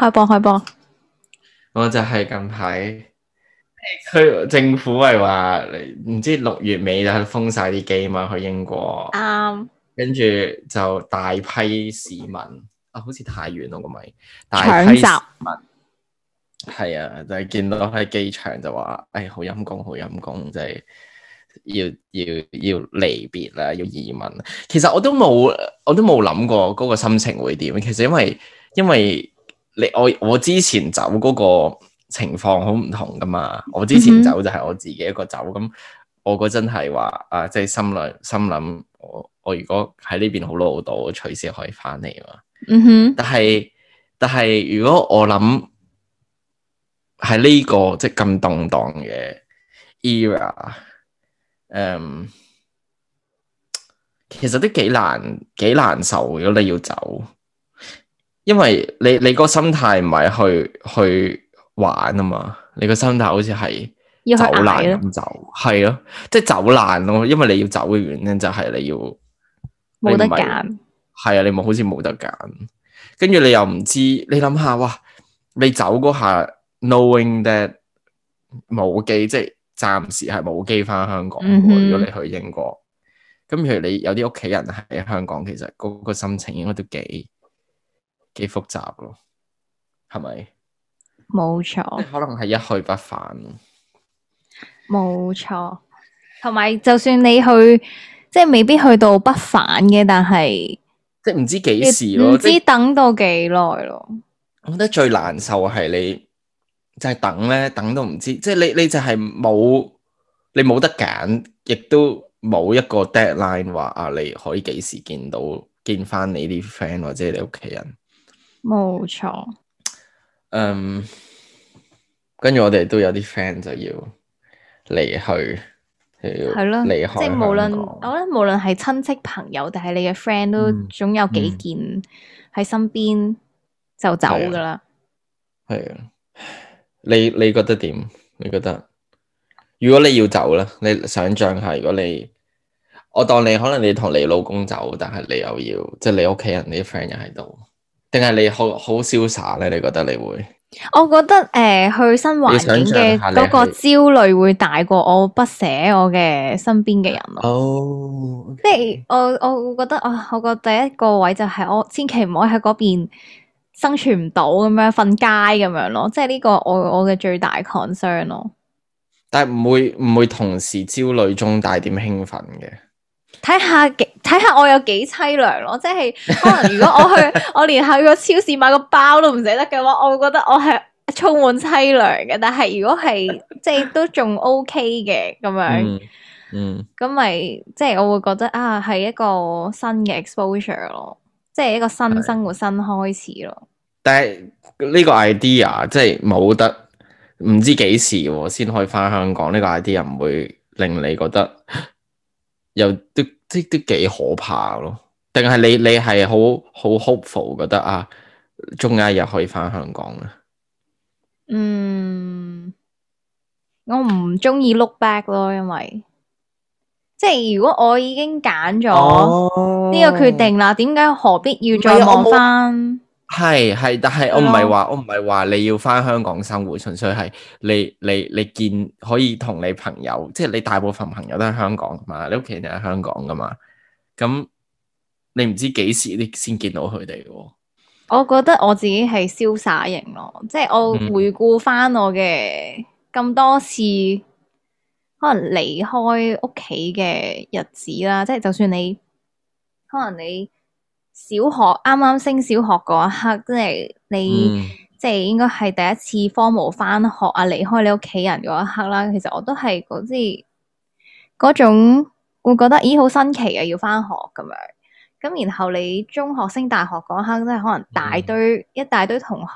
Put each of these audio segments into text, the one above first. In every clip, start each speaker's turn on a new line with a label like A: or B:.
A: 開波開波，
B: 我就係近排，去政府係話唔知六月尾就封晒啲機嘛。去英國，啱，跟住就大批市民啊，好似太遠咯，我咪大批市民，係習啊，就係見到喺機場就話，哎，好陰功，好陰功，即係要要要離別啦，要移民。其實我都冇，我都冇諗過嗰個心情會點。其實因為因為。你我我之前走嗰個情況好唔同噶嘛？我之前走就係我自己一個走咁，mm hmm. 那我嗰陣係話啊，即係心內心諗，我我如果喺呢邊好老到，我隨時可以翻嚟嘛。Mm hmm. 但係但係如果我諗喺呢個即係咁動蕩嘅 era，誒、嗯，其實都幾難幾難受，如果你要走。因為你你個心態唔係去去玩啊嘛，你個心態好似係
A: 走難咁
B: 走，係咯，即係走難咯。因為你要走嘅原因就係你要冇得揀，係啊，你冇好似冇得揀。跟住你又唔知，你諗下哇，你走嗰下 knowing that 冇機，即係暫時係冇機翻香港，嗯、哼如果你去英國。咁譬如你有啲屋企人喺香港，其實嗰個心情應該都幾。幾複雜咯，係咪？
A: 冇錯，
B: 可能係一去不返。
A: 冇錯，同埋就算你去，即係未必去到不返嘅，但係
B: 即係唔知幾時咯，唔知
A: 等到幾耐咯。我
B: 覺得最難受係你就係、是、等咧，等都唔知，即係你你就係冇，你冇得揀，亦都冇一個 deadline 話啊，你可以幾時見到見翻你啲 friend 或者你屋企人。
A: 冇錯，嗯，
B: 跟住、um，我哋都有啲 friend 就要離去，係咯，即係無論香
A: 港我覺得無論係親戚朋友，朋友，定係你嘅 friend 都總有幾件喺身邊、嗯、就走噶啦。
B: 係啊，你你覺得點？你覺得，你覺得如果你要走咧，你想象下，如果你我當你可能你同你老公走，但係你又要即係、就是、你屋企人你啲 friend 又喺度。定係你好好瀟灑咧？你覺得你會？
A: 我覺得誒、呃，去新環境嘅嗰個焦慮會大過我不捨我嘅身邊嘅人
B: 咯。是
A: 即係我我會覺得啊，我覺得第一個位就係我千祈唔好喺嗰邊生存唔到咁樣，瞓街咁樣咯。即係呢個我我嘅最大 concern 咯。
B: 但係唔會唔會同時焦慮中帶點興奮嘅？
A: 睇下幾睇下我有幾淒涼咯，即係可能如果我去 我連去個超市買個包都唔捨得嘅話，我會覺得我係充滿淒涼嘅。但係如果係 即係都仲 OK 嘅咁樣嗯，嗯，咁咪即係我會覺得啊，係一個新嘅 exposure 咯，即係一個新的生活新開始咯。
B: 但係呢個 idea 即係冇得唔知幾時先、啊、可以翻香港呢、呢個 idea，唔會令你覺得。又都即都幾可怕咯？定係你你係好好 hopeful 覺得啊，終有一日可以翻香港咧？
A: 嗯，我唔中意 look back 咯，因為即係如果我已經揀咗
B: 呢個決定
A: 啦，點解、哦，何必要再望翻，唔係？望翻
B: 係係，但係我唔係話，嗯、我唔係話你要翻香港生活，純粹係你你你見可以同你朋友，即、就、係、是、你大部分朋友都喺香港嘛，你屋企人喺香港噶嘛，咁你唔知幾時你先見到佢哋嘅？
A: 我覺得我自己係瀟灑型咯，即、就、係、是、我回顧翻我嘅咁多次、嗯、可能離開屋企嘅日子啦，即、就、係、是、就算你可能你。小學啱啱升小學嗰一刻，即係你，嗯、即係應該係第一次荒無翻學啊，離開你屋企人嗰一刻啦。其實我都係嗰啲嗰種會覺得，咦，好新奇啊，要翻學咁樣。咁然後你中學升大學嗰一刻，即係可能大堆、嗯、一大堆同學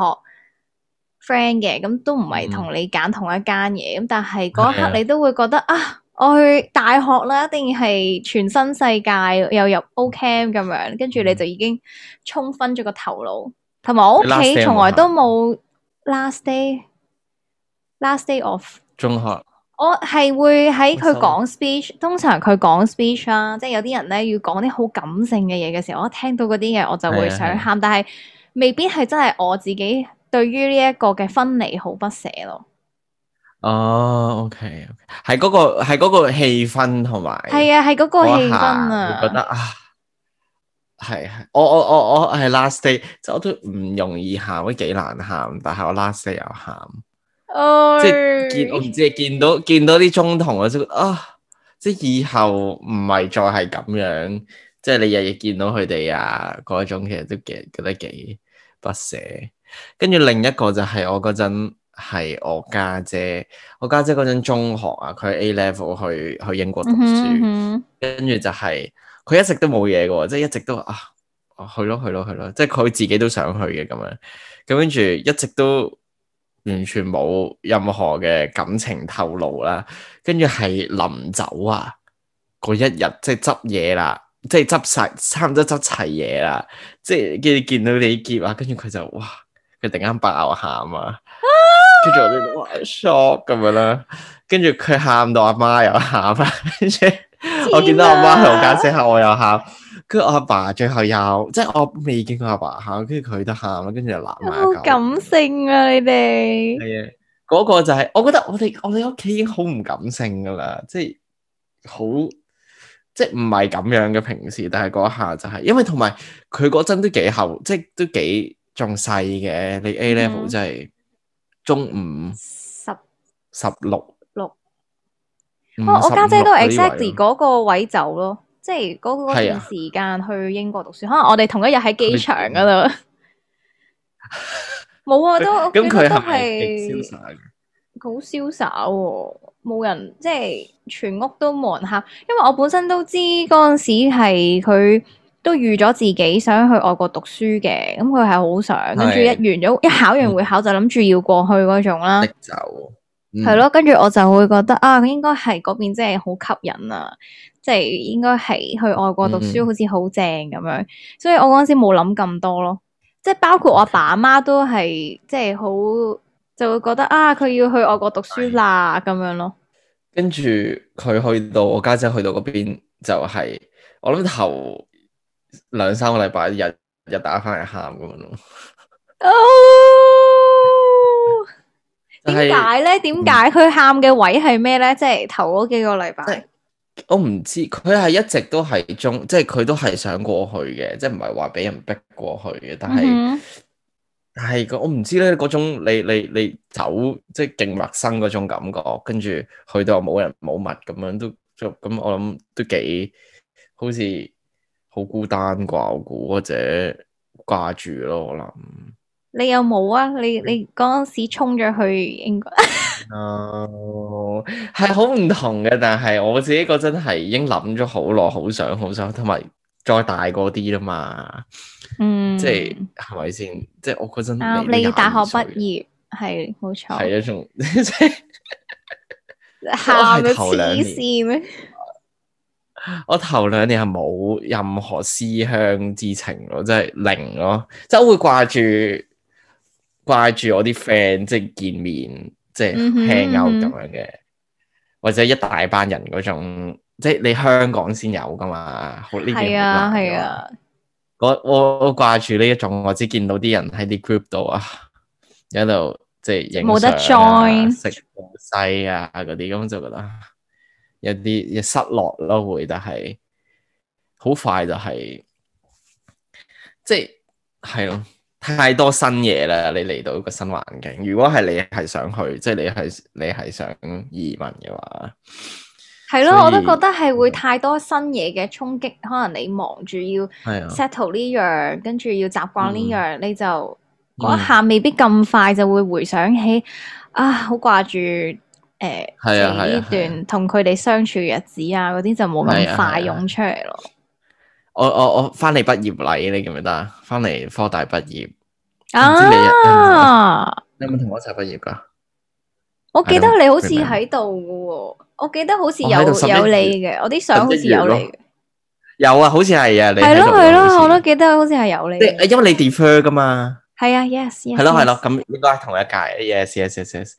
A: friend 嘅，咁都唔係同你揀同一間嘢。咁、嗯、但係嗰一刻你都會覺得啊～我去大學啦，一定係全新世界，又入 O Camp 咁樣，跟住你就已經沖昏咗個頭腦，同埋我屋企從來都冇 last day，last day, day of 中學我係會喺佢講 speech，通常佢講 speech 啦、啊，即係有啲人咧要講啲好感性嘅嘢嘅時候，我一聽到嗰啲嘢我就會想喊。是的是的，但係未必係真係我自己對於呢一個嘅分離好不捨咯。
B: 哦，OK，係嗰個係嗰個氣氛，同埋係
A: 啊，係嗰個氣氛啊，覺
B: 得啊，係啊，我我我我係 last day，即我都唔容易喊，都幾難喊，但係我 last day 又喊，
A: 哦，即係見我
B: 唔知係見到見到啲中童時候啊，即係啊，即係以後唔係再係咁樣，即係你日日見到佢哋啊，嗰種其實都幾覺得幾不捨，跟住另一個就係我嗰陣。係我家姐，姐，我家姐嗰陣中學啊，佢 A level 去去英國讀書，跟住、嗯嗯、就係、是、佢一直都冇嘢嘅，即係一直都啊去咯去咯去咯，去咯，即係佢自己都想去嘅咁樣，咁跟住一直都完全冇任何嘅感情透露啦，跟住係臨走啊嗰一日即係執嘢啦，即係執晒差唔多執齊嘢啦，即係佢見到李杰啊，跟住佢就哇佢突然間爆喊啊！出咗啲話 shock 咁樣啦，跟住佢喊到阿媽，媽又喊啦， 跟住我見到阿媽喺度解釋下我又喊，跟住我阿爸，爸最後又即係我未見過阿爸喊，跟住佢都喊啦，跟住就攬埋一嚿。
A: 好感性啊，你哋
B: 係啊，嗰、 那個就係、是，我覺得我哋我哋屋企已經好唔感性噶啦，即係好即係唔係咁樣嘅平時，但係嗰下就係、是，因為同埋佢嗰陣都幾後，即係都幾仲細嘅，你 A level 真、就、係、是。嗯中午十十六、哦、十六，我我家姐都 exact 嗰
A: 個位走咯，嗯、即係嗰段時間去英國讀書，啊、可能我哋同一日喺機場㗎喇，冇啊， 啊、嗯、都咁佢係好瀟灑喎，冇、嗯、人即係全屋都冇人喊，因為我本身都知嗰陣時係佢。都預咗自己想去外國讀書嘅，咁佢係好想，跟住一完咗，嗯、一考完會考就諗住要過去嗰種啦。就係咯，跟住我就會覺得啊，佢應該係嗰邊真係好吸引啊，即係應該係去外國讀書，嗯、好似好正咁樣，所以我嗰陣時冇諗咁多咯。即係包括我阿爸阿媽都係即係好就會覺得啊，佢要去外國讀書啦咁樣咯。
B: 跟住佢去到我家姐去到嗰邊就係我諗頭。兩三個禮拜日日打翻嚟喊咁樣咯。哦、oh! 是，點解
A: 咧？點解佢喊嘅位係咩咧？即係頭嗰幾個禮拜，
B: 我唔知佢係一直都係中，即係佢都係想過去嘅，即係唔係話俾人逼過去嘅。但係係、mm hmm. 我唔知咧，嗰種你你你走即係勁陌生嗰種感覺，跟住去到冇人冇物咁樣，都就咁我諗都幾好似。好孤單啩，我估或者掛住咯，可能。
A: 我諗你有冇啊？你你嗰陣時沖咗去英國？哦，
B: 係好唔同嘅，但係我自己嗰陣係已經諗咗好耐，好想好想，同埋再大個啲啦嘛。嗯，即係係咪先？即係、就是、我嗰陣你大學
A: 畢業係冇錯，係
B: 啊，仲即係
A: 我係討論咩？
B: 我頭兩年係冇任何思鄉之情咯、啊，即係零咯，即係我會掛住掛住我啲 friend，即係見面，即係 hang out 咁樣嘅，或者一大班人嗰種，即係你香港先有㗎嘛？呢啲係啊係啊，我我掛住呢一種，我只見到啲人喺啲 group 度啊，喺度即係影冇得 join 食西啊嗰啲，咁就覺得。一啲嘅失落咯，會但係好快就係即係係咯，太多新嘢啦！你嚟到一個新環境，如果係你係想去，即、就、係、是、你係你係想移民嘅話，
A: 係咯、啊，以我都覺得係會太多新嘢嘅衝擊。可能你忙住要 settle 呢樣，跟住是、啊、要習慣呢樣，嗯、你就嗰下未必咁快就會回想起、嗯、啊，好掛住。誒，呢段同佢哋相處日子啊，嗰啲就冇咁快湧出嚟咯。
B: 我我我翻嚟畢業禮，你記唔記得，翻嚟科大畢業啊？你有冇同我一齊畢業噶？
A: 我記得你好似喺度噶喎，我記得好似有有你嘅，我啲相好似有你
B: 嘅。有啊，好似係啊，你。係咯係咯，
A: 我都記得好似係有你。因為你
B: defer 噶嘛。
A: 係啊，yes，係咯係咯，
B: 咁應該係同一屆，yes yes yes。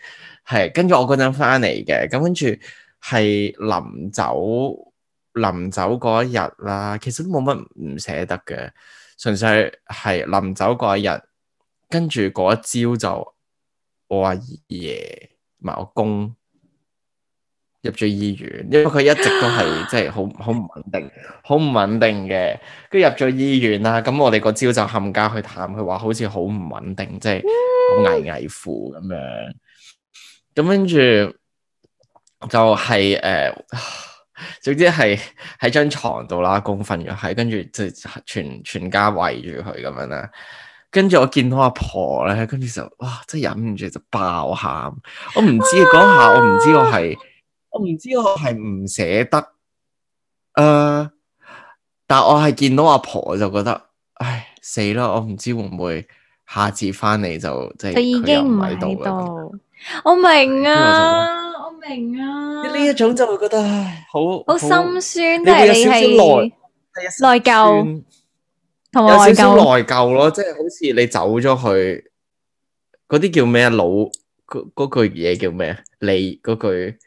B: 係，跟住我嗰陣翻嚟嘅，咁跟住係臨走臨走嗰一日啦，其實都冇乜唔捨得嘅，純粹係臨走嗰一日，跟住嗰一朝就我阿爺，唔係我公入咗醫院，因為佢一直都係即係好好唔穩定，好唔穩定嘅，跟住入咗醫院啦，咁我哋嗰朝就冚家去探佢，話好似好唔穩定，即係好危危乎咁樣。咁跟住就係、是、誒、呃，總之係喺張床度啦，公瞓咗喺，跟住就全全家圍住佢咁樣啦。跟住我見到阿婆咧，跟住就哇，真係忍唔住就爆喊。我唔知嗰下哇，我唔知我係，我唔知我係唔捨得。誒、呃，但我係見到阿婆就覺得，唉死啦！我唔知會唔會下次翻嚟，就即係佢已經唔喺度。嗯
A: 我明啊，我明啊，呢
B: 一種就會覺得好，好心
A: 酸，即係你係內內疚，
B: 同埋好內疚咯，即係好似你走咗去，嗰啲叫咩老，嗰嗰句嘢叫咩？你嗰句誒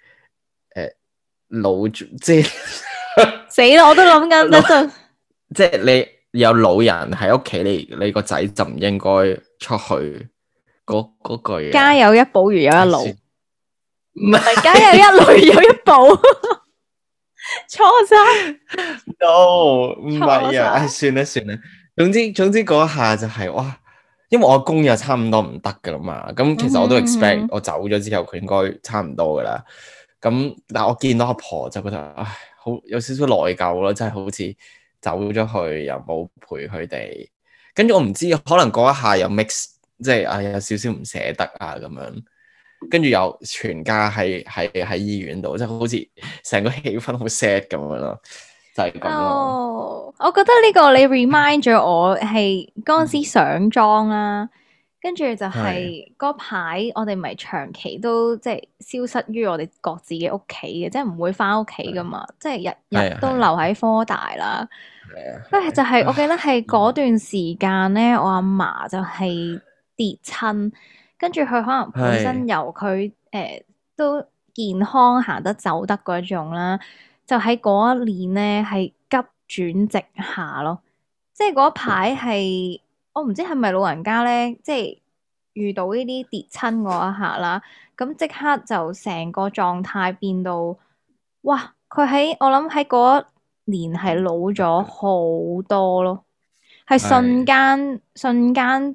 B: 老，即係
A: 死啦，我都諗緊一陣，
B: 即係你有老人喺屋企，你你個仔就唔應該出去。嗰嗰句，家
A: 有一寶如有一老，唔係家有一女有一寶。 錯曬
B: 了，都唔係啊！唉，算啦算啦。總之總之嗰一下就係、是、哇，因為我阿公又差唔多唔得㗎喇嘛。咁其實我都 expect 我走咗之後佢應該差唔多㗎喇。咁、mm hmm. 但係我見到阿婆就覺得唉，好有少少內疚囉，真係好似走咗去又冇陪佢哋。跟住我唔知可能嗰一下又 mix。即係啊，有少少唔捨得啊，咁樣跟住又全家喺喺喺醫院度，即係好似成個氣氛好 sad 咁樣咯，就係咁咯。就
A: 是 oh, 我覺得呢個你 remind 咗我係嗰陣時上莊啦、啊，跟住就係嗰排我哋咪長期都即係消失於我哋各自嘅屋企嘅，即係唔會返屋企㗎嘛，即係的日日都留喺科大啦。因為就係我記得係嗰段時間咧，我阿嫲就係、是。跌親，跟住佢可能本身由佢誒是、呃、都健康行得走得嗰種啦，就喺嗰一年咧係急轉直下咯。即係嗰排係我唔知係咪老人家咧，即係遇到呢啲跌親嗰一下啦。咁即刻就成個狀態變到哇，佢喺我諗喺嗰一年係老咗好多咯，係瞬間是瞬間。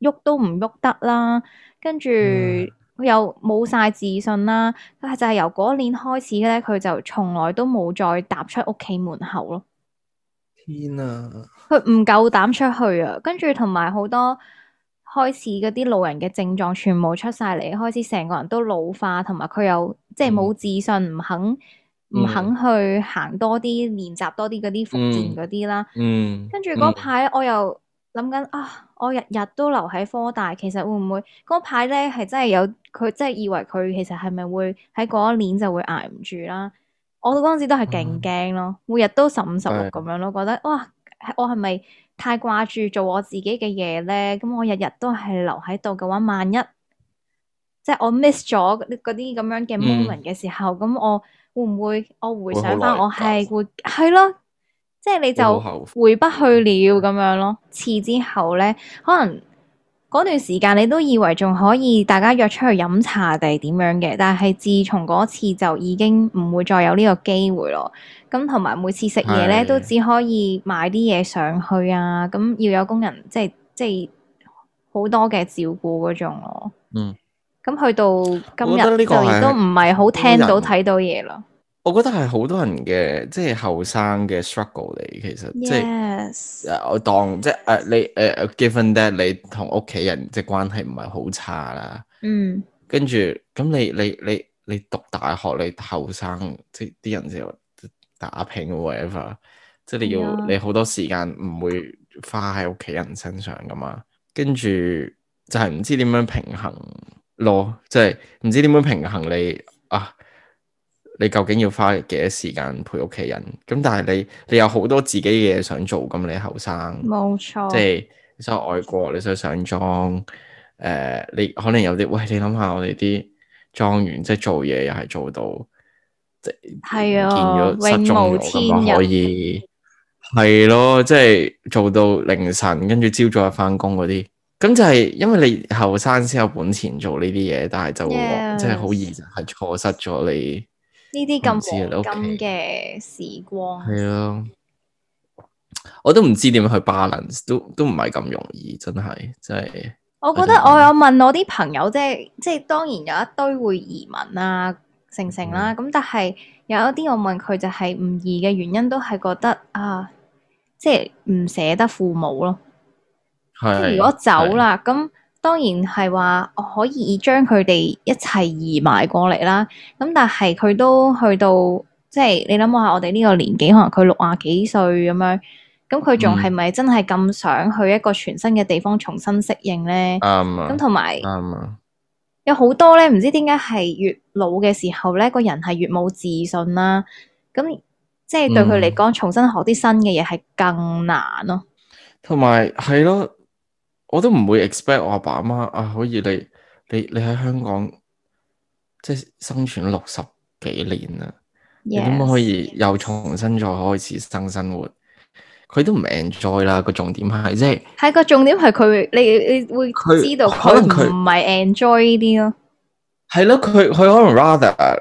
A: 喐都唔喐得啦，跟住又冇晒自信啦。啊、但係就係由嗰年開始咧，佢就從來都冇再踏出屋企門口
B: 咯。天啊！
A: 佢唔夠膽出去啊，跟住同埋好多開始嗰啲老人嘅症狀全部出晒嚟，開始成個人都老化，同埋佢又即係冇自信，唔肯、嗯、唔肯、嗯、去行多啲練習多啲嗰啲復健嗰啲啦。嗯，跟住嗰排我又諗緊啊。我日日都留喺科大，其實會唔會嗰排咧係真係有佢，即係以為佢其實係咪會喺嗰一年就會捱唔住啦？我嗰陣時都係勁驚咯，嗯、每日都十五十六咁樣咯，是覺得哇，我係咪太掛住做我自己嘅嘢咧？咁我日日都係留喺度嘅話，萬一即係、就是、我 miss 咗嗰啲咁樣嘅 moment 嘅時候，咁、嗯、我會唔會我會回想返我係會係咯？即係你就回不去了咁樣咯。次之後咧，可能嗰段時間你都以為仲可以大家約出去飲茶定係點樣嘅，但係自從嗰次就已經唔會再有呢個機會咯。咁同埋每次食嘢咧，是都只可以買啲嘢上去啊。咁要有工人，即係即係好多嘅照顧嗰種咯。嗯。咁去到今日就亦都唔係好聽到睇到嘢啦。
B: 我覺得係好多人嘅，即係後生嘅 struggle 嚟，其實 Yes. 即係我當即係誒、uh, 你誒、uh, given that 你同屋企人即係關係唔係好差啦，嗯、
A: mm.，
B: 跟住咁你你你你，你讀大學你後生，即係啲人就打拼 whatever，即係你要 Yeah. 你好多時間唔會花喺屋企人身上噶嘛，跟住就係唔知點樣平衡咯，即係唔知點樣平衡你啊～你究竟要花幾多時間陪屋企人？咁但係你你有好多自己嘅嘢想做咁，你後生
A: 冇錯，即
B: 係想外國，你想上莊誒、呃，你可能有啲喂，你諗下我哋啲莊員，即係做嘢又係做到
A: 即係、哦、見咗失蹤咁啊，可以
B: 係 咯，即係做到凌晨，跟住朝早又翻工嗰啲，咁就係因為你後生先有本錢做呢啲嘢，但係就 Yes. 即係好易就係錯失咗你。
A: 呢啲咁黃金嘅時光
B: 係光啊，我都唔知點樣去 balance，都都唔係咁容易，真係真係。
A: 我覺得我有問我啲朋友，即係即係當然有一堆會移民啊，成成啦、啊，咁、嗯、但係有一啲我問佢就係唔易嘅原因，都係覺得啊，即係唔捨得父母咯。
B: 係的，如果走啦
A: 咁。當然係話可以將佢哋一齊移埋過嚟啦，咁但係佢都去到即係你諗下，我哋呢個年紀，可能佢六啊幾歲咁樣，咁佢仲係咪真係咁想去一個全新嘅地方重新適應咧？
B: 啱啊、嗯！咁同埋啱啊！嗯嗯、
A: 有好多咧，唔知點解係越老嘅時候咧，個人係越冇自信啦、啊。咁即係對佢嚟講，重新學啲新嘅嘢係更難咯、
B: 啊。同埋係咯。我都唔會 expect 我阿爸阿媽啊，可以你你你喺香港即係生存六十幾年啦，點 Yes. 可以又重新再開始新生，生活？佢都唔 enjoy 啦，重個重點係即係
A: 係個重點係佢你你會知道可能佢唔係 enjoy 呢啲咯，
B: 係咯、啊，佢佢可能 rather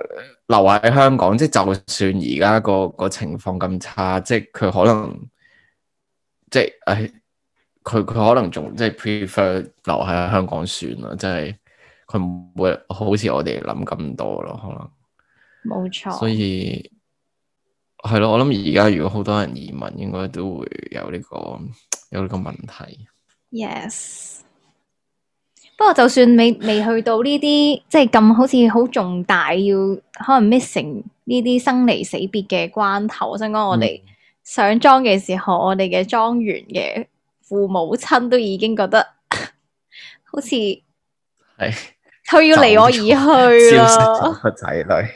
B: 留喺香港，即係就算而家個個情況咁差，即係佢可能即係誒。哎佢佢可能仲即係 prefer 留喺香港算啦，即係佢唔會好似我哋諗咁多咯，可能
A: 冇錯。所
B: 以係咯，我諗而家如果好多人移民，應該都會有呢個有呢個問題。
A: Yes，不過就算未未去到呢啲即係咁好似好重大，要可能 missing 呢啲生離死別嘅關頭，我想講我哋上莊嘅時候，嗯、我哋嘅莊園嘅。父母親都已經覺得好似，係，佢要離我而去啦，
B: 個仔女，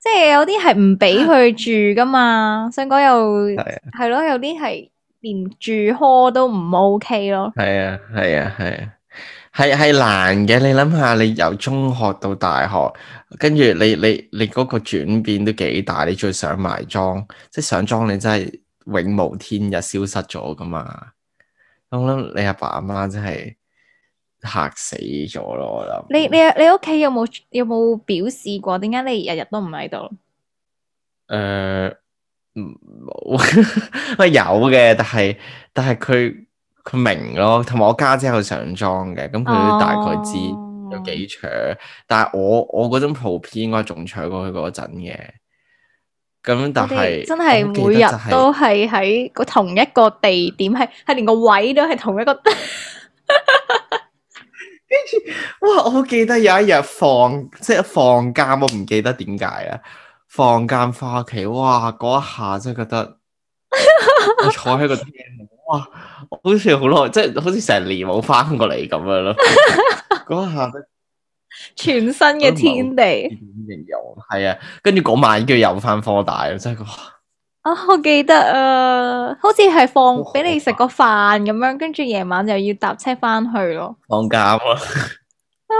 A: 即係有啲係唔俾佢住噶嘛。想講又係咯，有啲係連住殼都唔 OK 咯。
B: 係啊，係啊，係啊，係係難嘅。你諗下，你由中學到大學，跟住你你你嗰個轉變都幾大。你最想埋妝，即係上妝，你真係～永無天日消失咗㗎嘛？咁諗你阿爸阿媽真係吓死咗咯！我諗你
A: 你你屋企有冇有冇表示過天天？點解你日日都唔喺度？
B: 誒，冇， 有嘅，但係但係佢佢明咯，同埋我家姐有上莊嘅，咁佢大概知、哦、有幾長，但係我我嗰張普遍應該仲長過佢嗰陣嘅。咁但係真係的、就是、每日都
A: 係喺同一個地點，係係連個位都係同一個。跟 住
B: 哇，我好記得有一日放即係放假，我唔記得點解啊！放假翻屋企，哇！嗰一下真係覺得 我坐喺個廳，哇！好似好耐，即係好似成年冇翻過嚟咁樣咯。嗰 一下。
A: 全新嘅天地，
B: 形容，係啊，跟住嗰晚已經要返科大啊，真係個
A: 啊，我記得啊，好似係放俾、哦、你食個飯咁樣，跟住夜晚又要搭車翻去咯，
B: 放假監啊，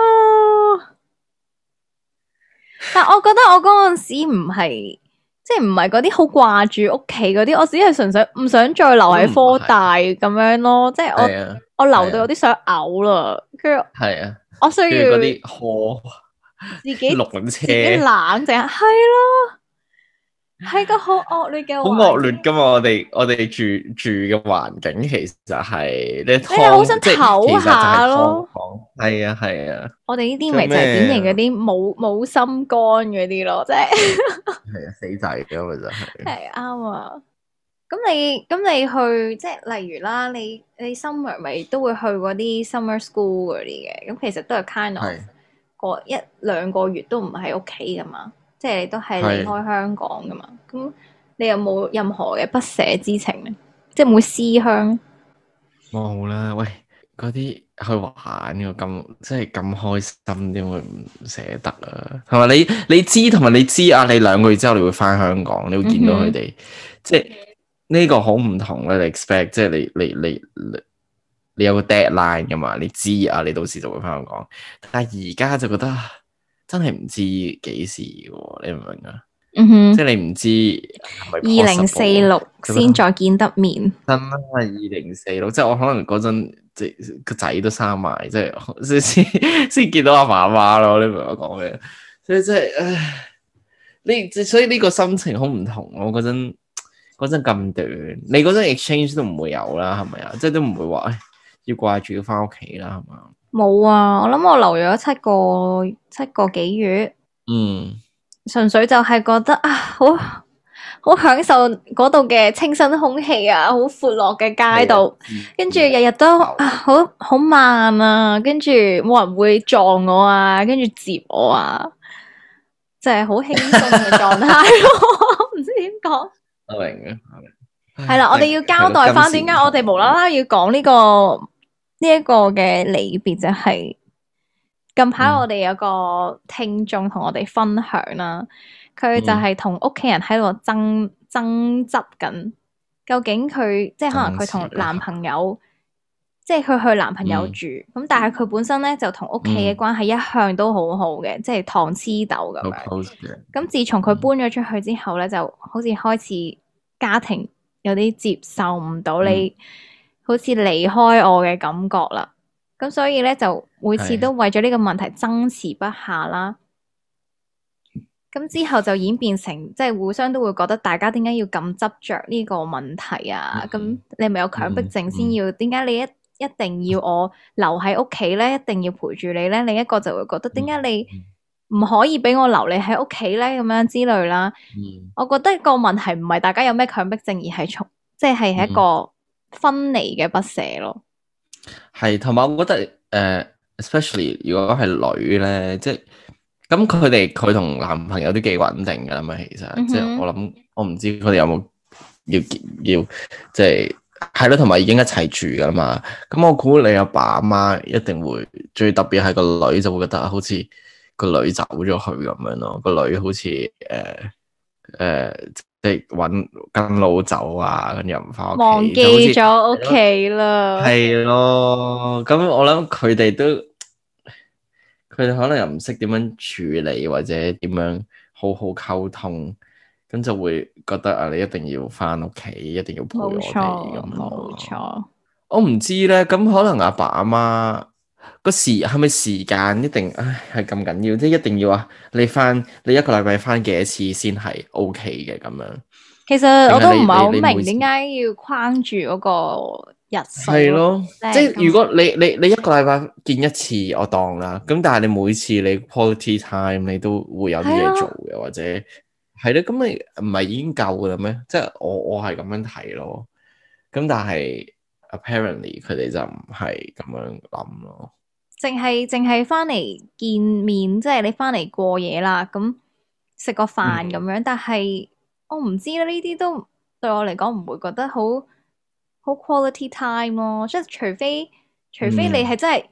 B: 啊，
A: 但我覺得我嗰陣時唔係，即係唔係嗰啲好掛住屋企嗰啲，我只係純粹唔想再留喺科大咁樣咯，即係我、啊、我留到有啲想嘔啦，跟住
B: 係啊。后我需要嗰啲呵，
A: 自己落
B: 緊車，自己
A: 冷靜係咯，係個好惡劣嘅，好惡劣
B: 噶嘛！我哋我哋住住嘅環境其實係、就是，你，哎好想唞下咯，係啊係啊，啊啊我哋呢啲咪就係典型嗰
A: 啲冇冇心肝嗰啲咯，即
B: 係，係啊死仔噉咪就係，
A: 係啱啊。咁你咁你去即係例如啦，你你 summer 咪都會去嗰啲 summer school 嗰啲嘅，咁其實都係 kind of 過是一兩個月都唔喺屋企噶嘛，即係都係離開香港噶嘛。咁是你有冇任何嘅不捨之情咧？即係唔會思鄉？
B: 冇啦，喂，嗰啲去玩嘅，咁即係咁開心點會唔捨得啊？同埋你你知同埋你知啊，你兩個月之後你會翻香港，你會見到佢哋，嗯、哼即係。呢個好唔同咧，你 expect 即係你你你你，你有個 deadline 噶嘛，你知啊，你到時就會翻香港。但係而家就覺得真係唔知幾時，你明唔明啊？Mm hmm, 即係你唔知二零四六先
A: 再見得面。
B: 真係二零四六，即係我可能嗰陣即個仔都生埋，即係先先見到阿媽媽咯。你明我講咩？所以真係唉，呢所以呢個心情好唔同。我嗰陣。嗰陣咁短，你嗰陣 exchange 都唔會有啦，係咪啊？即係都唔會話唉，要掛住要翻屋企啦，係嘛？
A: 冇啊！我諗我留咗七個七個幾月，嗯，純粹就係覺得啊，好好享受嗰度嘅清新空氣啊，好闊落嘅街道，跟住日日都啊好好慢啊，跟住冇人會撞我啊，跟住接我啊，就係、是、好輕鬆嘅狀
B: 態咯，啊，唔 知點講。明嘅，係啦，我哋要交代翻點解
A: 我哋無啦啦要講呢、呢個呢、呢個就係、一個嘅離別就係近排我哋有個聽眾同我哋分享啦，佢、嗯、就係同屋企人喺度爭爭執緊，究竟佢即係可能佢同男朋友，即係佢去男朋友住，咁、嗯、但係佢本身咧，就同屋企嘅關係一向都好好嘅，嗯、即係糖黐豆咁樣。咁自從佢搬咗出去之後咧，就好似開始。家庭有啲接受唔到你好似離開我嘅感覺啦，咁、嗯、所以咧就每次都為咗呢個問題爭持不下啦，咁、嗯、之後就演變成即係、就是、互相都會覺得大家點解要咁執着呢個問題啊？咁、嗯、你咪有強迫症先要？點解、嗯嗯、你一一定要我留喺屋企咧？一定要陪住你咧？另一個就會覺得點解你？嗯嗯唔可以俾我留你喺屋企咧，咁樣之類啦。嗯、我覺得個問題唔係大家有咩強迫症而，而係從即係係一個分離嘅不捨咯。
B: 係，同埋我覺得誒、呃、especially 如果係女咧，即係咁佢哋佢同男朋友都幾穩定噶啦嘛。其實、嗯、哼即係我諗，我唔知佢哋有冇要要，要，即係係咯，同埋已經一齊住噶啦嘛。咁我估你阿爸阿媽一定會最特別係個女就會覺得好似。個女走咗去咁樣咯，個女好似誒誒，即係搵跟老走啊，跟住又唔翻屋企，忘記咗
A: 屋企啦。係
B: 咯，咁、嗯、我諗佢哋都佢哋可能又唔識點樣處理，或者點樣好好溝通，咁就會覺得啊，你一定要翻屋企，一定要陪
A: 我哋咁冇錯，冇錯。我
B: 唔知咧。咁可能阿爸阿媽。個時係咪時間一定唉，係咁緊要？即係一定要啊！你翻你一個禮拜翻幾多次先係 OK 嘅咁樣？其實我都唔係好明點
A: 解要框住嗰個日數。係咯，即係如果
B: 你你你一個禮拜見一次，我當啦。咁但係你每次你 quality time 你都會有啲嘢做嘅，或者係咯。咁你唔係已經夠噶啦咩？即係我我係咁樣睇咯。咁但係 apparently 佢哋就唔係咁樣諗咯。
A: 淨係淨係翻嚟見面，即係你翻嚟過夜啦，咁食個飯咁樣。嗯、但係我唔知咧，呢啲都對我嚟講唔會覺得好好 quality time 咯、啊。即係除非除非你係真係、嗯、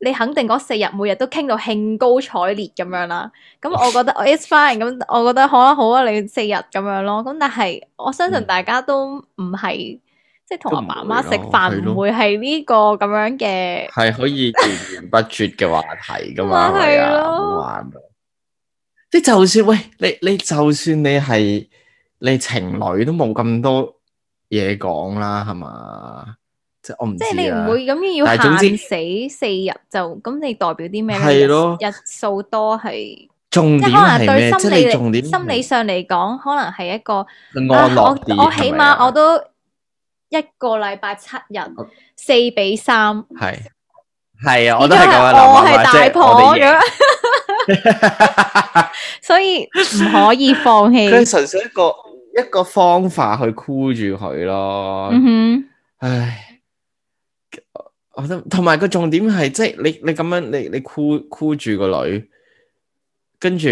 A: 你肯定嗰四日每日都傾到興高采烈咁樣啦、啊。咁我覺得 It's fine，咁我覺得好啊好啊，你四日咁樣咯。咁但係我相信大家都唔係、嗯。即係同我媽媽食飯唔會係呢個咁樣嘅，
B: 係可以源源不絕嘅話題噶嘛，係啊，好玩。即係就算喂，你，你就算你係你情侶都冇咁多嘢講啦，係嘛？即係我唔即係你唔會咁要限死四
A: 日就咁，你代表啲咩？係咯，日數多係重點係咩？即係你重點心理上嚟講，可能係一個
B: 我，樂我起碼
A: 我都。一個禮拜七日，四 Okay. 比三，
B: 係係啊，我都係咁諗啊，我係大婆咁，
A: 所以唔可以放棄。佢
B: 純 粹一個一個方法去箍住佢咯。嗯哼、mm，hmm。唉，我都同埋個重點係，即係你你咁樣，你你箍箍住個女，跟住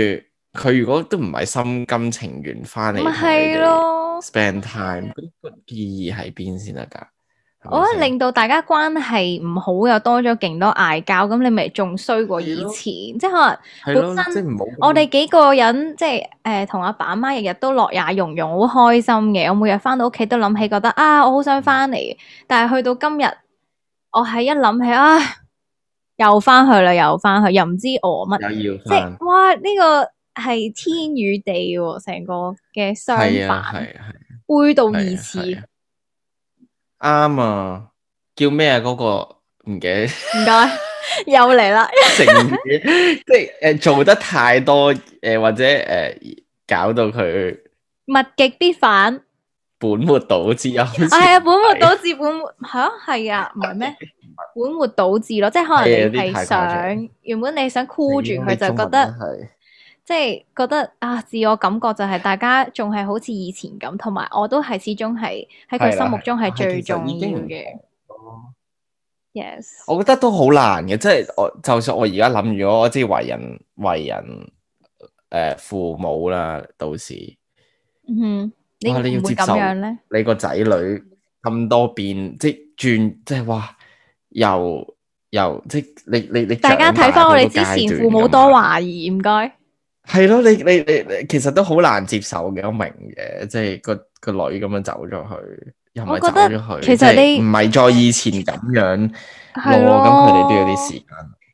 B: 佢如果都唔係心甘情願翻嚟，咪係咯。spend time 嗰啲建議喺邊先得㗎？我
A: 覺得令到大家關係唔好，又多咗勁多嗌交，咁你咪仲衰過以前。的即係可能本身即我哋幾個人即係誒同阿爸阿媽日日都樂也融融，好開心嘅。我每日翻到屋企都諗起，覺得啊，我好想翻嚟。的但係去到今日，我係一諗起啊，又翻去啦，又翻去，又唔知我乜，即係哇呢、這個～係天與地，成個嘅相
B: 反，
A: 背道而馳。
B: 啱啊！叫咩啊？嗰個唔記得，
A: 唔該，又嚟啦。
B: 成語即係誒，做得太多誒，或者誒，搞到佢
A: 物極必反，
B: 本末倒置啊！係啊，
A: 本末倒置，本末吓係啊，唔係咩？本末倒置咯，即係可能你係想原本你想箍住佢，就覺得。即係覺得啊，自我感覺就係大家仲係好似以前咁，同埋我都係始終係喺佢心目中係最重要嘅。Yes，
B: 我覺得都好難嘅，即、就、係、是、我就算我而家諗咗，即係為人為人誒、呃、父母啦，到時
A: 嗯，哇你要說接受
B: 咧，你個仔女咁多變，即係轉，即係哇又又即係你你你，你你大家睇翻我哋之前父母段多
A: 懷疑唔該。謝謝。
B: 係咯，你你你其實都好難接受嘅，我明嘅，即係個個女咁樣走咗去，又唔係走咗去，其實你即係唔係再以前咁樣咯。咁佢哋都要啲時間。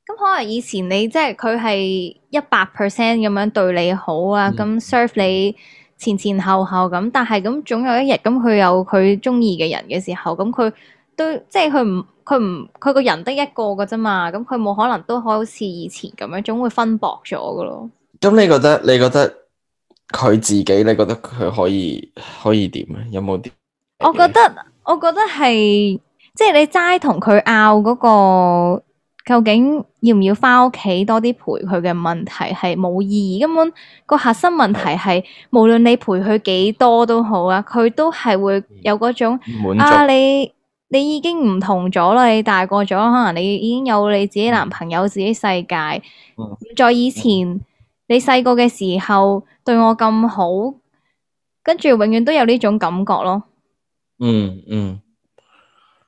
A: 咁可能以前你即係佢係一百 percent 咁樣對你好啊，咁、嗯、serve 你前前後後咁，但係咁總有一日咁佢有佢中意嘅人嘅時候，咁佢都即係佢唔佢唔佢個人得一個噶啫嘛，咁佢冇可能都好似以，以前咁樣，總會分薄咗
B: 噶咯。咁你覺得你覺得佢自己，你覺得佢可以可以點咧？有冇啲？
A: 我覺得我覺得係即係你齋同佢拗嗰個究竟要唔要返屋企多啲陪佢嘅問題係冇意義，根本個核心問題係的無論你陪佢幾多都好啊，佢都係會有嗰種、嗯、啊，你你已經唔同咗啦，你大個咗，可能你已經有你自己男朋友、嗯、自己世界。再、嗯、以前。嗯你細個嘅時候對我咁好，跟住永遠都有呢種感覺咯。嗯嗯。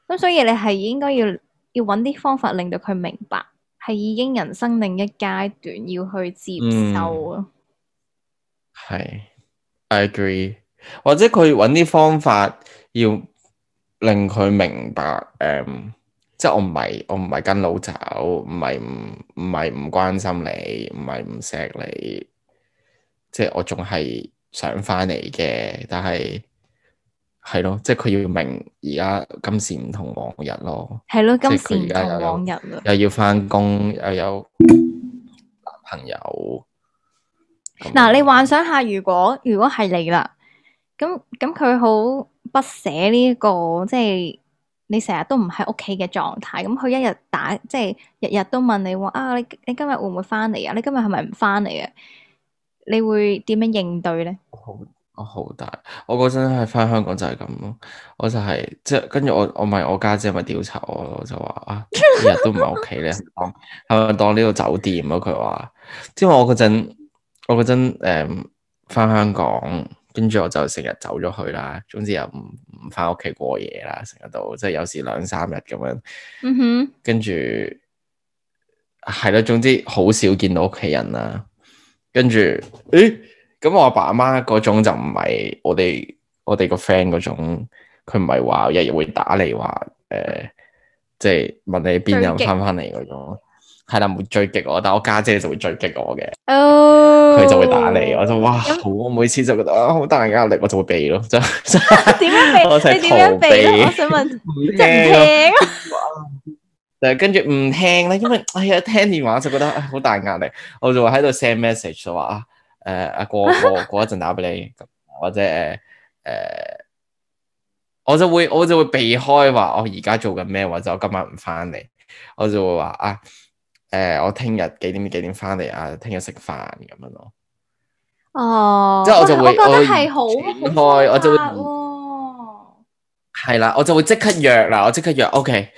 A: 咁、嗯、所以你係應該要要揾啲方法令到佢明白，係已經人生另一階段要去接受咯。
B: 係、嗯，I agree。或者佢揾啲方法要令佢明白，誒、嗯。即係我唔係，我唔係跟佬走，唔係唔唔係唔關心你，唔係唔錫你。即係我仲係想翻嚟嘅，但係係咯，即係佢要明而家今時唔同往日咯。係咯，今時唔同往日咯。又要翻工，又有朋友。
A: 嗱，你幻想下如，如果如果係你啦，咁咁佢好不捨呢一個，即係。你成日都唔喺屋企嘅狀態，咁佢一日打，即係日日都問你話啊，你你今日會唔會翻嚟啊？你今日係咪唔翻嚟啊？你會點樣應對咧？好，
B: 我好大，我嗰陣係翻香港就係咁咯，我就係、是、即係跟住我，我咪我家姐咪調查我，我就話啊，日日都唔喺屋企咧，係咪 當呢個酒店啊？佢話，因為我嗰陣，我嗰陣誒翻香港。跟住我就成日走咗去啦，總之又唔唔翻屋企過夜啦，成日都即係有時兩三日咁樣。嗯哼。跟住係啦，總之好少見到屋企人啦。跟住誒，咁我阿爸阿媽嗰種就唔係我哋我哋個 friend 嗰種，佢唔係話日日會打你話誒、呃，即係問你邊日翻翻嚟嗰種。係啦，唔會追擊我，但係我家姐，姐就會追擊我嘅，
A: 佢、oh. 就會打你，我
B: 就哇，好，每次就覺得啊，好大壓力，我就會避咯，即係即點樣避？就逃避？避，
A: 我想問，就唔聽，
B: 聽就係跟住唔聽咧，因為哎呀，聽電話就覺得好、啊、大壓力，我就話喺度 send message 就話啊，誒、啊，阿過過，過一陣打俾你，或者誒、啊啊，我就會我就會避開話我而家做緊咩，或者我今晚唔翻嚟，我就會話啊。啊誒，我聽日幾點幾點翻嚟啊？聽日食飯咁樣咯。
A: 哦，即係我就會，我覺得係好，
B: 我就會哦。係啦，我就會即刻約啦，我即刻約。O K，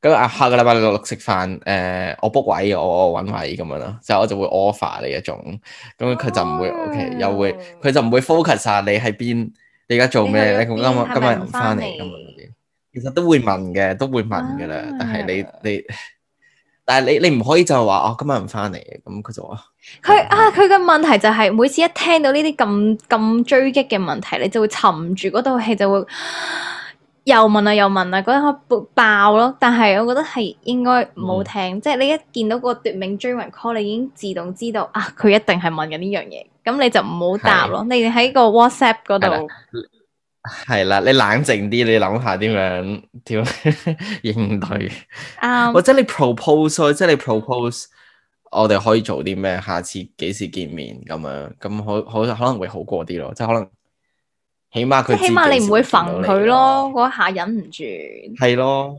B: 咁啊，下個禮拜六六食飯。誒，我 book 位，我我搵位咁樣咯。之後我就會 offer 你一種，咁佢就唔會。O K，又會，佢就唔會 focus 晒你喺邊，你而家做咩咧？咁今日今日唔翻嚟，今日啲，其實都會問嘅，都會問噶啦。但係你你。但係你你唔可以就係話哦，今晚唔翻嚟嘅，咁佢就話
A: 佢他、嗯、啊佢嘅問題就係，是，每次一聽到呢啲咁咁追擊嘅問題，你就會沉住嗰套戲就會又問啊又問啊，嗰一刻爆爆咯。但係我覺得係應該唔好聽，嗯、即係你一見到個奪命追問 call，你已經自動知道啊，佢一定係問緊呢樣嘢，咁你就唔好答咯。對了 你哋喺個 WhatsApp 嗰度，
B: 係啦，你冷靜啲，你諗下點樣點 應對的。
A: Um, 或者
B: 你 propose 即係你 propose，我哋可以做啲咩？下次幾時見面咁樣？咁可可可能會好過啲咯。即係可能起碼佢起碼你唔會
A: 煩佢咯。嗰 一下忍唔住，
B: 係咯，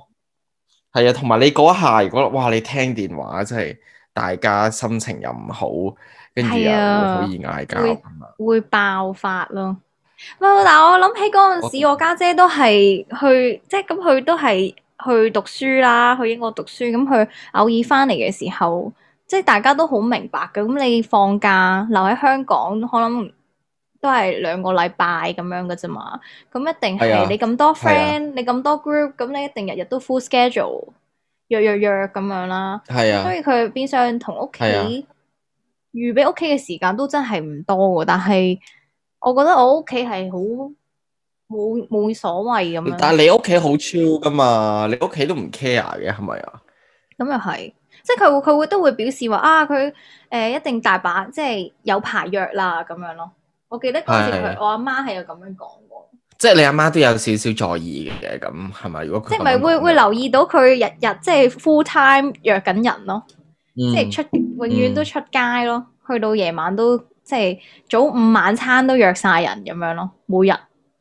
B: 係啊。同埋你嗰一下，如果哇，你聽電話，即係大家心情又唔好，跟住又好易嗌交，
A: 會爆發咯。唔係，但我諗起嗰陣時，我家姐都係去，即係咁，佢都係去讀書啦，去英國讀書。咁佢偶爾翻嚟嘅時候，即係大家都好明白嘅。咁你放假留喺香港，可能都係兩個禮拜咁樣嘅啫嘛。咁一定係你咁多 friend，、啊啊、你咁多 group，咁、啊、你一定日日都 full schedule，約約約咁樣啦。係啊，所以佢變相同屋企預備屋企嘅時間都真係唔多嘅，但係。我覺得我屋企係好冇冇所謂咁樣，但係你
B: 屋企好超噶嘛？你屋企都唔 care 嘅係咪啊？
A: 咁又係，即係佢會佢會都會表示話啊，佢誒、呃、一定大把，即係有排約啦咁樣咯。我記得嗰時佢我阿媽係有咁樣講
B: 過，即係你阿媽都有少少在意嘅咁係咪？如果佢即係咪會
A: 會留意到佢日日即係 full time 約緊人咯，即係、嗯、出永遠都出街咯，去、嗯、到夜晚都。即係早午晚餐都約晒人咁樣是咯，每日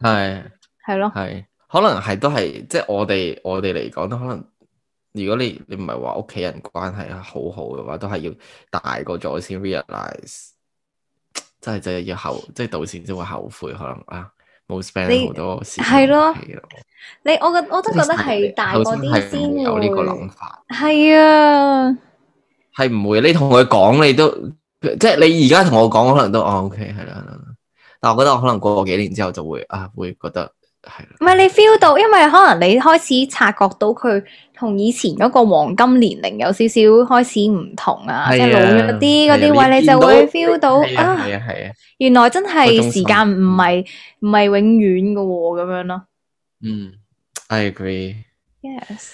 A: 係係咯，係
B: 可能係都係，即係我哋我哋嚟講，都可能如果你你唔係話屋企人關係好好嘅話，都係要大個咗先 realize，真係就係要後即係到時先會後悔，可能啊冇 spend 好多時間係你咯，
A: 你我我都覺得係大個啲先有呢個諗法？係啊，
B: 係唔會你同佢講你都。即係你而家同我講可能都、哦、ok 係啦、係啦，但我覺得我可能過幾年之後就會啊會覺得係
A: 啦。唔係你 feel 到，因為可能你開始察覺到佢同以前嗰個黃金年齡有少少開始唔同啊，的即係老咗啲嗰啲位你，你就會 feel 到啊，係啊，係啊，原來真係時間唔係唔係永遠噶、哦，咁樣咯、啊。嗯，I agree。Yes。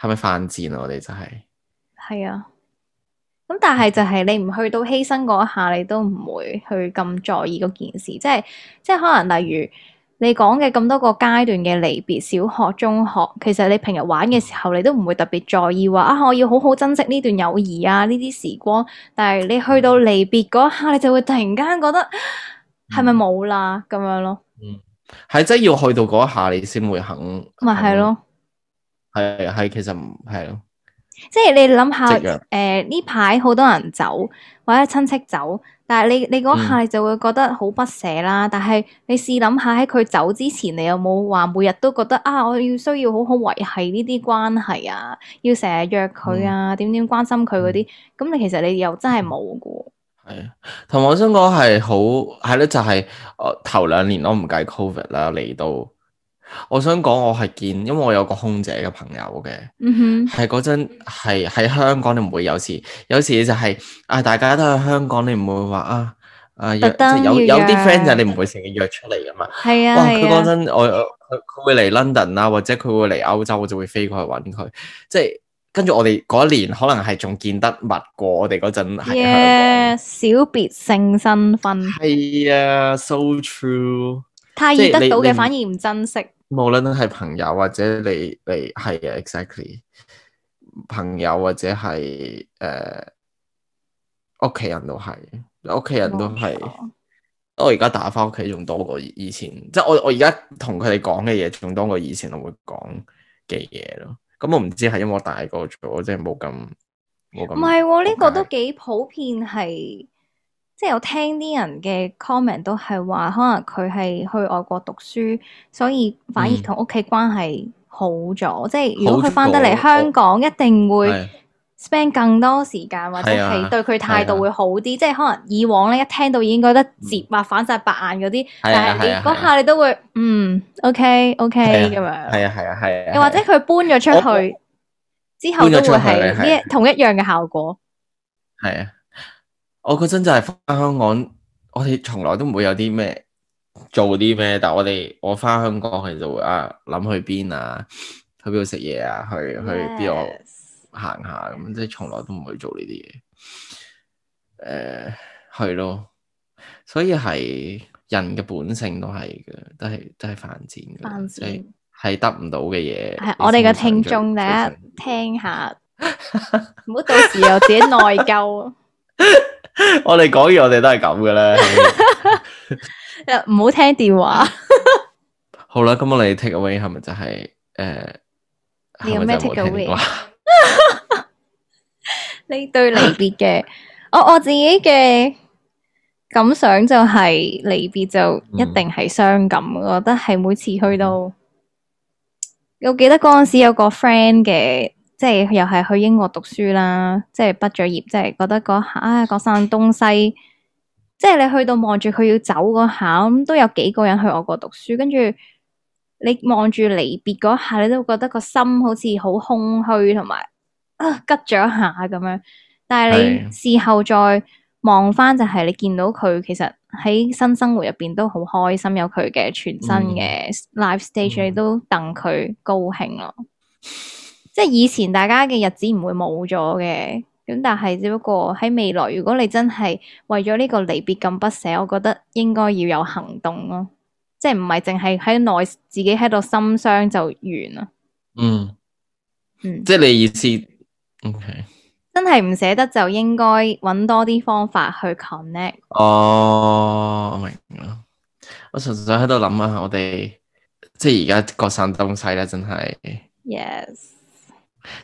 B: 係咪犯賤啊？我哋真係。
A: 係啊的。咁但係就係你唔去到犧牲嗰一下，你都唔會去咁在意嗰件事，即係即係可能例如你講嘅咁多個階段嘅離別，小學、中學，其實你平日玩嘅時候，你都唔會特別在意話啊，我要好好珍惜呢段友誼啊，呢啲時光。但係你去到離別嗰一下，你就會突然間覺得係咪冇啦咁樣咯？嗯，
B: 係真係要去到嗰一下，你先會肯。
A: 咪係咯，
B: 係係、嗯、其實唔係咯。
A: 即係你諗下，誒，呢排好多人走或者親戚走，但係你你嗰下就會覺得好不捨啦。嗯、但係你試諗下喺佢走之前，你有冇話每日都覺得啊，我要需要好好維繫呢啲關係啊，要成日約佢啊，點點、嗯、關心佢嗰啲？咁、嗯、你其實你又真係冇噶。係
B: 同、嗯、我想講係好係咯，就係、是、我、哦、頭兩年我唔計 covid 啦，嚟到。我想講，我係見，因為我有個空姐嘅朋友嘅，係嗰陣係喺香港，你唔會有事。有時就係啊，大家都喺香港，你唔會話啊，啊有有有啲 friend 就你唔會成日約出嚟噶嘛，係啊，哇，佢嗰陣，我佢佢會嚟 London 啊，或者佢會嚟歐洲，我就會飛過去揾佢，即係跟住我哋嗰一年可能係仲見得密過我哋嗰陣，yeah，
A: 小別勝新婚，係
B: 啊，so true，太易得到嘅反而
A: 唔珍惜。
B: 無論係朋友或者你你係嘅，exactly 朋友或者係誒屋企人都係，屋企人都係。冇錯。我而家打翻屋企仲多過以前，即係我我而家同佢哋講嘅嘢仲多過以前我會講嘅嘢咯。咁我唔知係因為我大個咗，即係冇咁冇
A: 咁。唔係呢個都幾普遍係。即係我聽啲人嘅 comment 都係話，可能佢係去外國讀書，所以反而同屋企關係好咗。即係如果佢返得嚟香港，一定會 spend 更多時間，或者係對佢態度會好啲。即係可能以往咧一聽到已經覺得折啊，反晒白眼嗰啲，但係嗰下你都會嗯，OK OK 咁樣。係啊
B: 係啊係啊，又或者
A: 佢搬咗出去之後都會係呢同一樣嘅效果。
B: 係啊。我嗰陣就係翻香港，我哋從來都唔會有啲咩做啲咩，但係我哋我翻香港其實會啊諗去邊啊，去邊度食嘢啊，去去邊度行下咁，即係從來都唔會做呢啲嘢。誒，係咯，所以係人嘅本性都係嘅，都係都係犯賤嘅，係係賤、即係、得唔到嘅嘢。係我哋嘅聽眾咧，
A: 聽下，唔好到時又自己內疚。
B: 我哋講嘢，我哋都係咁嘅啦，
A: 唔好 聽電話。
B: 好啦，咁我哋 take away 係咪就係、是、誒？呃、你有咩 take away？
A: 你對離別嘅， 我我自己嘅感想就係離別就一定係傷感。我、嗯、覺得係每次去到，我記得嗰陣時有個 friend 嘅。即係又係去英國讀書啦，即係畢咗業，即係覺得嗰下，嗰、啊、散東西，即係你去到望住佢要走嗰下，咁都有幾個人去外國讀書，跟住你望住離別嗰下，你都會覺得個心好似好空虛，同埋啊拮咗一下咁樣。但係你事後再望翻，就係你見到佢其實喺新生活入邊都好開心，有佢嘅全新嘅 live stage，、嗯、你都戥佢高興咯。即係以前大家嘅日子唔會冇咗嘅，咁但係只不過喺未來，如果你真係為咗呢個離別咁不捨，我覺得應該要有行動咯、啊，即係唔係淨係喺內自己喺度心傷就完啦。嗯
B: 嗯，嗯即係你意思，O、okay.
A: K，真係唔捨得就應該搵多啲方法去 connect。哦、
B: oh,，明我純粹喺度諗啊，我哋即係而家各散東西啦，真係
A: yes。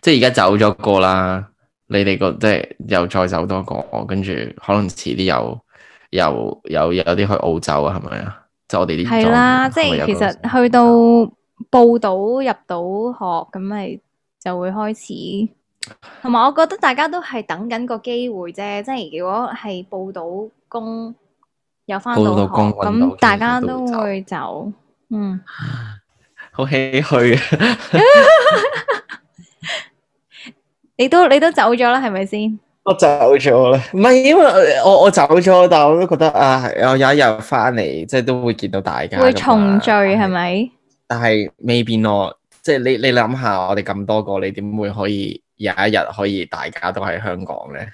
B: 即係而家走咗個啦，你哋個即係又再走多個，跟住可能遲啲又又又有啲去澳洲啊，係咪啊？就我哋呢啲係啦，即係的其實
A: 去到報到入到學咁咪就，就會開始，同埋我覺得大家都係等緊個機會啫。即係如果係報到工又翻到報到工咁，大家都會走。會走嗯，
B: 好唏嘘
A: 你都你都走咗啦，係咪先？
B: 我走咗啦，唔係因為我我走咗，但係我都覺得啊，我有一日翻嚟，即係都會見到大家。會重
A: 聚，係咪？
B: 但係未必咯，即係你你諗下，我哋咁多個，你點會可以有一日可以大家都喺香港咧？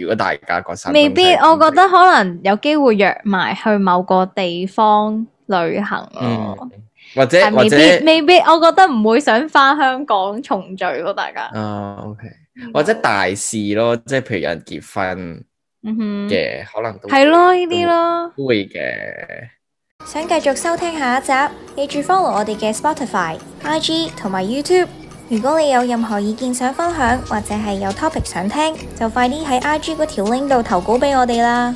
B: 如果大家個心未必，我
A: 覺得可能有機會約埋去某個地方旅行咯。
B: 嗯或者未必，未
A: 必，未必。我覺得唔會想翻香港重聚咯，大家、哦。
B: 啊，OK、嗯、或者大事咯，即係譬如有人結婚，
A: 嘅、
B: 嗯、哼可能都係咯呢啲咯，會嘅。
A: 想繼續收聽下一集，記住 follow 我哋嘅 Spotify、IG 同埋 YouTube。如果你有任何意見想分享，或者係有 topic 想聽，就快啲喺 IG 嗰條 link 度投稿俾我哋啦。